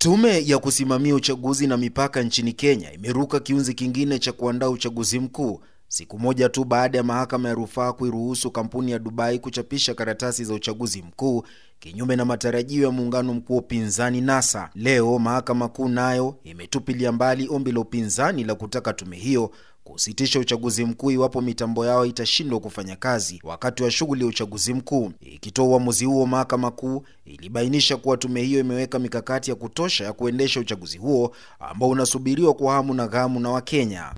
Tume ya kusimamia uchaguzi na mipaka nchini Kenya imeruka kiunzi kingine cha kuandaa uchaguzi mkuu siku moja tu baada ya mahakama ya rufaa kuiruhusu kampuni ya Dubai kuchapisha karatasi za uchaguzi mkuu kinyume na matarajio ya muungano mkuu wa upinzani NASA. Leo mahakama kuu nayo imetupilia mbali ombi la upinzani la kutaka tume hiyo kusitisha uchaguzi mkuu iwapo mitambo yao itashindwa kufanya kazi wakati wa shughuli ya uchaguzi mkuu. Ikitoa uamuzi huo, mahakama kuu ilibainisha kuwa tume hiyo imeweka mikakati ya kutosha ya kuendesha uchaguzi huo ambao unasubiriwa kwa hamu na ghamu na Wakenya.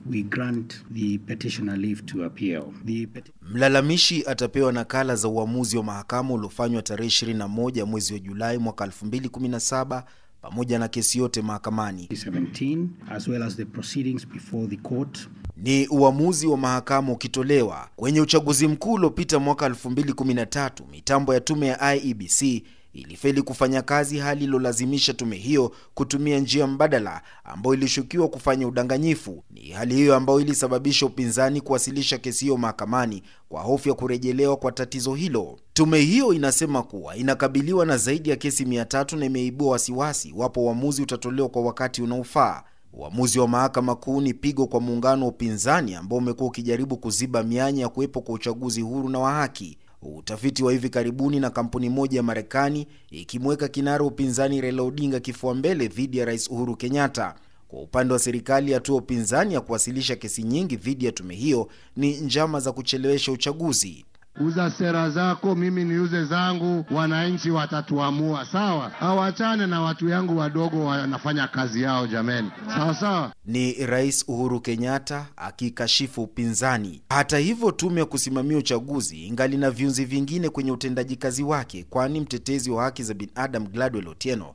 mlalamishi atapewa nakala za uamuzi wa mahakama uliofanywa tarehe 21 mwezi wa Julai mwaka 2017 pamoja na kesi yote mahakamani 17, as well as the proceedings before the court ni uamuzi wa mahakama ukitolewa kwenye uchaguzi mkuu uliopita mwaka 2013, mitambo ya tume ya IEBC ilifeli kufanya kazi, hali ilolazimisha tume hiyo kutumia njia mbadala ambayo ilishukiwa kufanya udanganyifu. Ni hali hiyo ambayo ilisababisha upinzani kuwasilisha kesi hiyo mahakamani kwa hofu ya kurejelewa kwa tatizo hilo. Tume hiyo inasema kuwa inakabiliwa na zaidi ya kesi 300 na imeibua wasiwasi wapo uamuzi utatolewa kwa wakati unaofaa. Uamuzi wa mahakama kuu ni pigo kwa muungano wa upinzani ambao umekuwa ukijaribu kuziba mianya ya kuwepo kwa uchaguzi huru na wa haki. Utafiti wa hivi karibuni na kampuni moja ya Marekani ikimweka kinara upinzani Raila Odinga kifua mbele dhidi ya Rais Uhuru Kenyatta. Kwa upande wa serikali, hatua upinzani ya kuwasilisha kesi nyingi dhidi ya tume hiyo ni njama za kuchelewesha uchaguzi uza sera zako, mimi niuze zangu, wananchi watatuamua. Sawa, hawachane na watu yangu wadogo, wanafanya kazi yao jameni, sawa sawa. Ni Rais Uhuru Kenyatta akikashifu upinzani. Hata hivyo, tume ya kusimamia uchaguzi ingali na viunzi vingine kwenye utendaji kazi wake, kwani mtetezi wa haki za binadamu Gladwell Otieno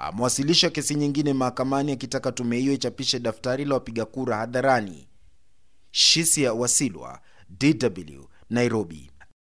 amewasilisha kesi nyingine mahakamani akitaka tume hiyo ichapishe daftari la wapiga kura hadharani. Shisia Wasilwa, DW, Nairobi.